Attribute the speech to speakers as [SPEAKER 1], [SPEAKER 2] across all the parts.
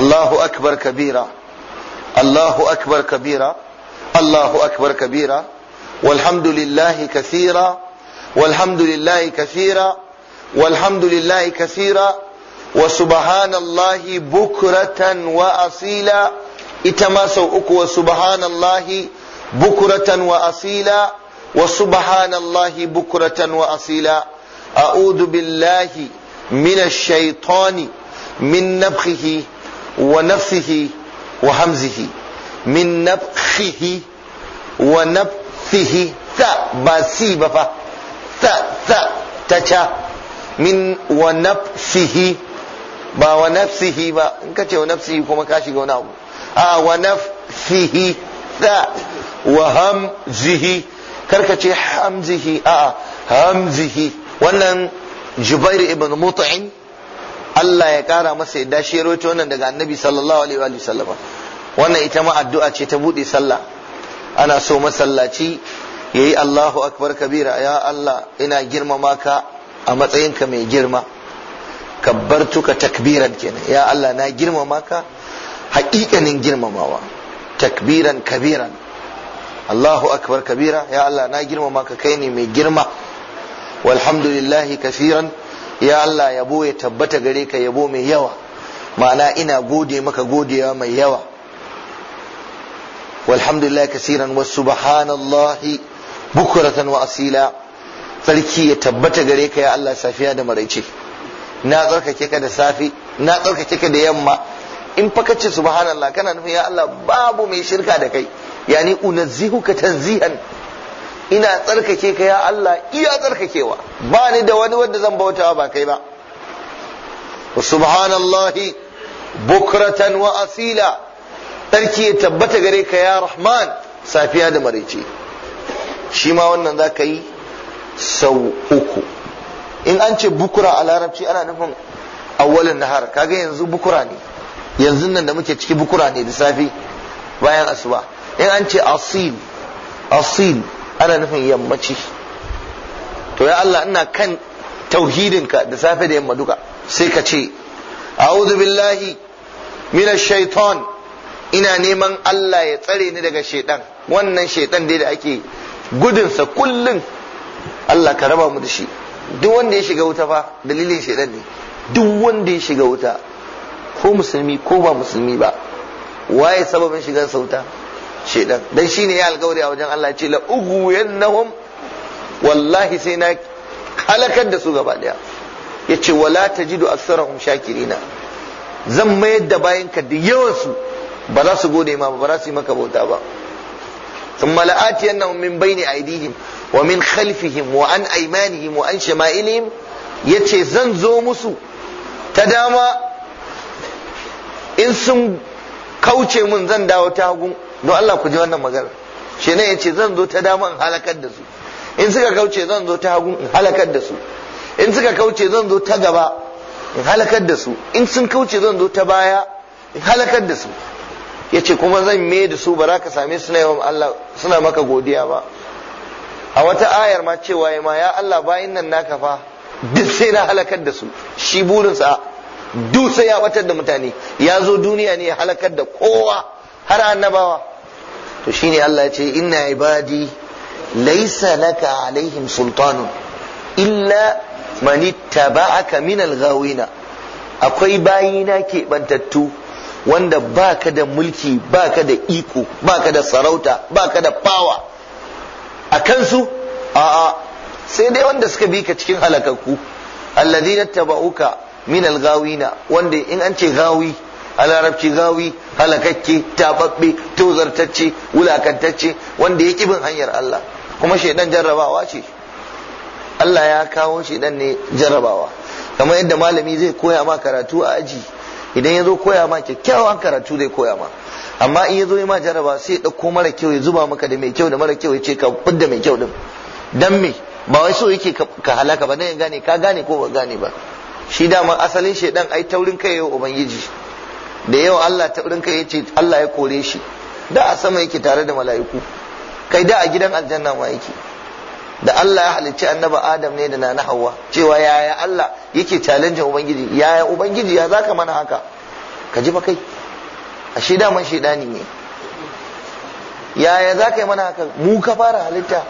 [SPEAKER 1] Allahu akbar kabira Allahu akbar kabira Allahu akbar kabira walhamdulillahi kathira walhamdulillahi kathira walhamdulillahi kathira wa subhanallahi bukratan wa asila ita ma sau uku wa subhanallahi bukratan wa asila wa subhanallahi bukratan wa asila a'udhu billahi minash shaitani min nabkhihi wa nafsihi wa hamzihi min nafsihi wa nafsihi ta ba si ba fa ta ta ta ca min wa nafsihi ba wa nafsihi ba in ka ce wa nafsihi kuma ka shiga wani abu a wa nafsihi ta wa hamzihi karka ce hamzihi a hamzihi wannan jubair ibn mut'in Allah ya kara masa yadda shi rawaito wannan daga annabi sallallahu alaihi wa sallama wannan ita ma addu'a ce ta bude sallah ana so masallaci yayi Allahu akbar kabira ya Allah ina girmama ka a matsayinka mai girma kabbartuka takbiran kenan ya Allah na girmama ka haƙiƙanin girmamawa takbiran kabiran Allahu akbar kabira ya Allah na girmama ka kai ne mai girma walhamdulillahi kafiran ya Allah yabo ya tabbata gare ka yabo mai yawa ma'ana ina gode maka godewa mai yawa walhamdulillah kasiran wa subhanallahi bukuratan wa asila sarki ya tabbata gare ka ya Allah safiya da maraice na tsarkake ka da safi na tsarkake ka da yamma in fa kace subhanallah kana nufin ya Allah babu mai shirka da kai yani unazihuka tanzihan ina tsarkake ka ya Allah iya tsarkakewa ba ni da wani wanda zan bautawa ba kai ba subhanallahi bukratan wa asila tsarki ya tabbata gare ka ya rahman safiya da maraice shi ma wannan za ka yi sau uku in an ce bukura a larabci ana nufin awwalin nahar kaga yanzu bukura ne yanzu nan da muke ciki bukura ne da safe bayan asuba in an ce asil asil ana nufin yammaci to ya Allah ina kan tauhidinka da safe da yamma duka sai ka ce a'udhu billahi minash shaitan ina neman Allah ya tsare ni daga shaitan wannan shaitan dai da ake gudunsa kullum Allah ka raba mu da shi duk wanda ya shiga wuta fa dalilin shaitan ne duk wanda ya shiga wuta ko musulmi ko ba musulmi ba waye sababin shigar sauta shedan dan shine ya alƙawari a wajen Allah ya ce la ughwiyannahum wallahi sai na halakar da su gaba daya yace wala tajidu aktharahum shakirina zan mayar da bayanka da yawan su ba za su gode ma ba ba za su yi maka bauta ba ثم wa min khalfihim wa an aymanihim wa an وعن ya yace zan zo musu ta dama in sun kauce mun zan dawo ta hagu don Allah ku ji wannan magana shi ne ce zan zo ta dama in halakar da su in suka kauce zan zo ta hagu in halakar da su in suka kauce zan zo ta gaba in halakar da su in sun kauce zan zo ta baya in halakar da su Ya ce kuma zan me da su ba za ka same su na yawan Allah suna maka godiya ba a wata ayar ma cewa ya ma ya Allah bayan nan naka fa duk sai na halakar da su shi burinsa duk sai ya batar da mutane ya zo duniya ne ya halakar da kowa har annabawa to shine Allah ya ce inna ibadi laysa laka alaihim sultanun illa man ittaba'aka min alghawina akwai bayina ke bantattu wanda baka da mulki baka da iko baka da sarauta baka da fawa a kansu a'a sai dai wanda suka bi ka cikin halakakku alladhina taba'uka min alghawina wanda in an ce gawi a larabci gawi halakakke tababbe tozartacce wulakantacce wanda ya bin hanyar Allah kuma shaidan jarrabawa ce Allah ya kawo shaidan ne jarrabawa kamar yadda malami zai koya ma karatu a aji idan ya zo koya ma kyakkyawan karatu zai koya ma amma in ya zo ma jarraba sai ya ɗauko mara kyau ya zuba maka da mai kyau da mara kyau ya ce ka fidda mai kyau din dan me ba wai so yake ka halaka ba dan ya gane ka gane ko ba gane ba shi dama asalin shaidan ai taurin kai ya ubangiji da yau Allah ta urinka ya ce Allah ya kore shi da a sama yake tare da mala'iku kai da a gidan aljanna ma yake da Allah ya halicci annaba Adam ne da nana Hawwa cewa yaya Allah yake challenge ubangiji yaya ubangiji ya zaka mana haka ka ji fa kai ashe man shedani ne yaya zaka yi mana haka mu ka fara halitta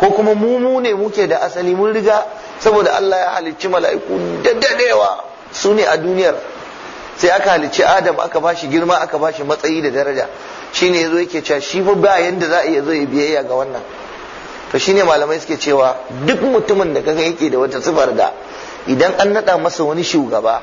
[SPEAKER 1] ko kuma mu mu ne muke da asali mun riga saboda Allah ya halicci mala'iku da su ne a duniyar sai aka halicci adam aka bashi girma aka ba shi matsayi da daraja shine yazo yake cewa shi fa ba yanda za a iya zo ya biyayya ga wannan to shine malamai suke cewa duk mutumin da kaga yake da wata sifar da idan an nada masa wani shugaba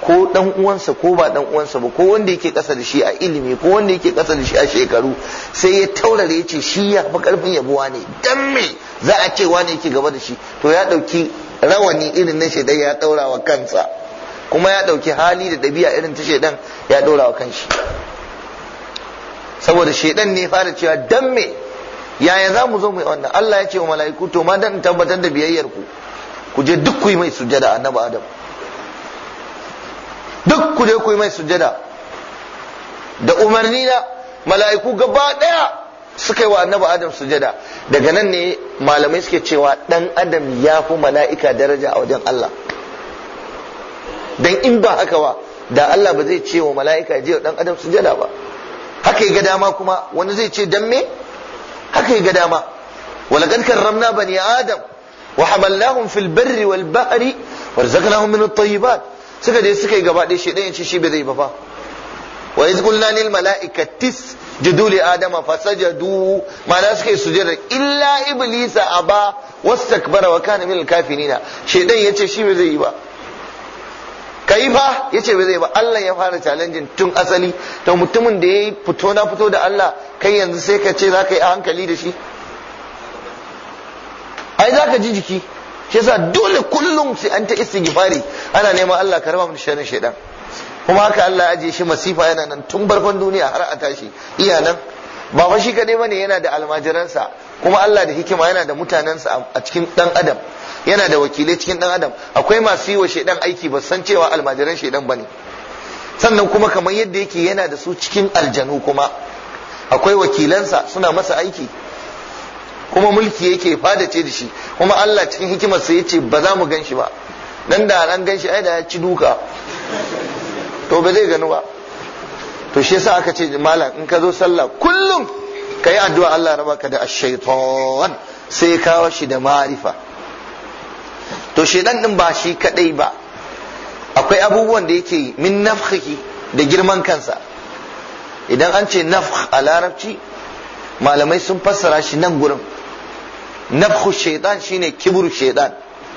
[SPEAKER 1] ko dan uwansa ko ba dan uwansa ba ko wanda yake kasa da shi a ilimi ko wanda yake kasa da shi a shekaru sai ya taurare ya ce shi ya fi karfin yabuwa ne dan me za a ce wane yake gaba da shi to ya dauki rawani irin na shaidai ya daura kansa kuma ya ɗauki hali da ɗabi'a irin ta shaidan ya ɗora wa kanshi saboda shaidan ne fara cewa dan me yaya za mu zo mu yi wannan Allah ya ce wa mala'iku to ma dan tabbatar da biyayyar ku ku je duk ku yi mai sujjada annabi adam duk ku je ku yi mai sujjada da umarni na mala'iku gaba daya suka yi wa annabi adam sujada. daga nan ne malamai suke cewa dan adam ya fi mala'ika daraja a wajen Allah dan in ba haka ba da Allah ba zai ce wa mala'ika je dan adam sujada ba haka ga dama kuma wani zai ce dan me haka ga dama walaqad karramna bani adam wa hamalnahum fil barri wal bahri warzaqnahum min at-tayyibat suka dai suka yi gaba ɗaya shi ce shi bai zai ba fa wa iz qulna lil mala'ikati isjudu li adama fasajadu ma'ana suka yi sujada illa iblisa aba wastakbara wa kana min al-kafirina shedan yace shi bai zai yi ba kai fa yace ba zai ba Allah ya fara challenging tun asali to mutumin da yayi fito na fito da Allah kai yanzu sai ka ce zaka yi a hankali da shi ai zaka ji jiki shi yasa dole kullum sai an ta gifari. ana neman Allah ka raba mu shanin shaidan kuma haka Allah ya ajiye shi masifa yana nan tun barkon duniya har a tashi iya nan ba fa shi kadai bane yana da almajiransa kuma Allah da hikima yana da mutanensa a cikin dan adam yana da wakilai cikin dan adam akwai masu yi wa shaidan aiki ba san cewa almajiran shaidan bane sannan kuma kamar yadda yake yana da su cikin aljanu kuma akwai wakilansa suna masa aiki kuma mulki yake fadace da shi kuma Allah cikin hikimarsa ya ce ba za mu gan ba dan da ran gan shi ai da ya ci duka to ba zai gani ba to shi yasa aka ce malam in ka zo sallah kullum ka addu'a Allah raba ka da ash-shaytan sai kawo shi da ma'rifa to shedan din ba shi kadai ba akwai abubuwan da yake min nafkhihi da girman kansa idan an ce nafkh a larabci malamai sun fassara shi nan gurin nafkhu shaitan shine kibru shaitan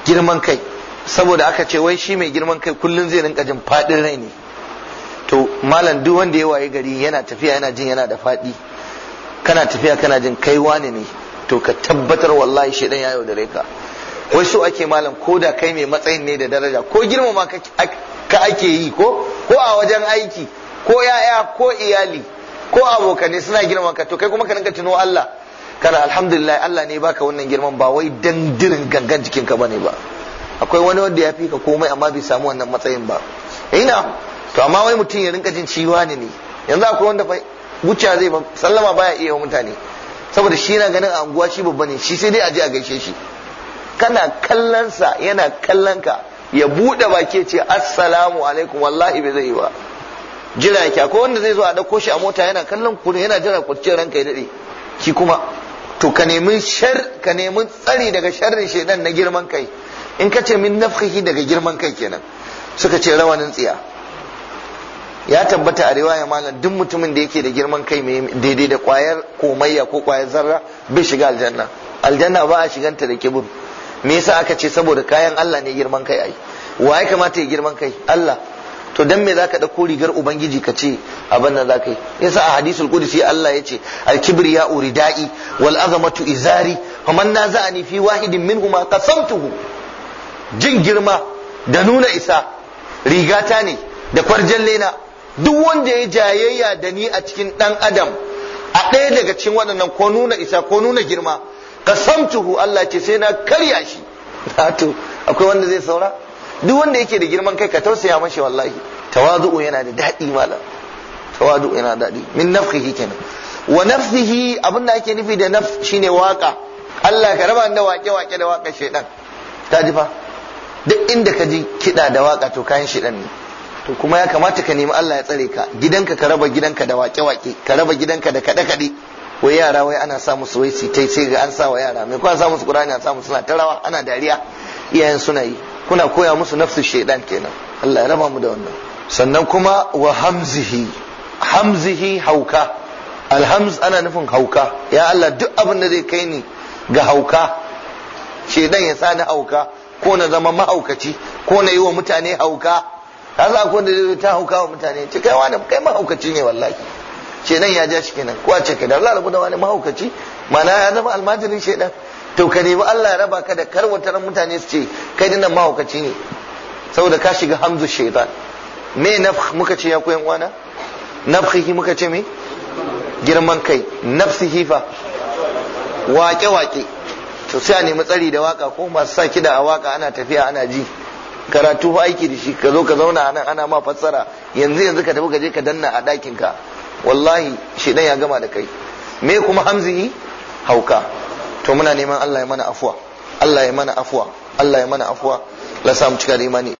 [SPEAKER 1] girman kai saboda aka ce wai shi mai girman kai kullun zai rinka jin fadin rai ne to malam duk wanda ya waye gari yana tafiya yana jin yana da fadi kana tafiya kana jin kai wane ne to ka tabbatar wallahi shaitan ya yaudare ka wai so ake malam ko da kai mai matsayin ne da daraja ko girmama ka ake yi ko ko a wajen aiki ko yaya ko iyali ko abokanai suna girmama ka to kai kuma ka rinka tuno Allah kana alhamdulillah Allah ne baka wannan girman ba wai dan gangan jikin ka bane ba akwai wani wanda ya fi ka komai amma bai samu wannan matsayin ba ina eh, to amma wai mutum ya rinka jin ciwa ne ne yanzu akwai wanda wuce zai sallama baya iya mutane saboda shi yana ganin a anguwa shi babba ne shi sai dai aje a gaishe shi kana kallonsa yana kallonka ya buɗe baki ce assalamu alaikum wallahi bai zai ba jira ki akwai wanda zai zo a dauko shi a mota yana kallon ku yana jira ku ranka ya dade. Ki kuma to ka nemi shar ka nemi tsari daga sharrin shedan na girman kai in ka ce min nafkhi daga girman kai kenan suka ce rawanin tsiya ya tabbata a riwaya malam duk mutumin da yake da girman kai mai daidai da kwayar komayya ko kwayar zarra bai shiga aljanna aljanna ba a shiganta da kibir me yasa aka ce saboda kayan Allah ne girman kai ai wa ya kamata ya girman kai Allah to dan me zaka dauko rigar ubangiji ka ce abin nan zaka yi yasa a hadisul qudsi Allah ya yace al kibriya uridai wal azamatu izari za naza'ani fi wahidin minhuma qasamtuhu jin girma da nuna isa rigata ne da kwarjan lena duk wanda ya jayayya da ni a cikin dan adam a ɗaya daga cikin waɗannan ko nuna isa ko nuna girma kasamtuhu Allah ce sai na karya shi wato akwai wanda zai saura duk wanda yake da girman kai ka tausaya mashi wallahi tawazu'u yana da daɗi malam tawazu'u yana da daɗi min nafsihi kenan wa nafsihi abin da ake nufi da nafs shine waka Allah ka raba da wake wake da waka shedan ta ji fa duk inda ka ji kiɗa da waka to kayan shedan ne to kuma ya kamata ka nemi Allah ya tsare ka gidanka ka raba gidanka da wake wake ka raba gidanka da kade-kade. wai yara wai ana sa su wai sitai sai ga an sa wa yara mai kuma sa musu qur'ani an sa suna tarawa ana dariya iyayen suna yi kuna koya musu nafsu shaidan kenan Allah ya raba mu da wannan sannan kuma wa hamzihi hamzihi hauka alhamz ana nufin hauka ya Allah duk abin da zai kai ni ga hauka shaidan ya sa ni hauka ko na zama mahaukaci ko na yi wa mutane hauka kaza da ta hauka wa mutane ce kai kai mahaukaci ne wallahi ce ya ja shi kenan ko a ce kai da Allah rabu da wani mahaukaci mana ya zama almajirin shedan to ka nemi Allah ya raba ka da karwatar mutane su ce kai dinnan mahaukaci ne saboda ka shiga hamzu shaitan me nafkh muka ce ya koyan wana nafkhihi muka ce me girman kai nafsihi fa wake wake to sai a nemi tsari da waka ko masu sa kida a waka ana tafiya ana ji karatu aiki da shi ka zo ka zauna anan ana ma fassara yanzu yanzu ka tafi ka je ka danna a ɗakin ka wallahi shi ya gama da kai me kuma hamzi hauka to muna neman Allah ya mana afuwa Allah ya mana afuwa Allah ya mana afuwa la samu cika da imani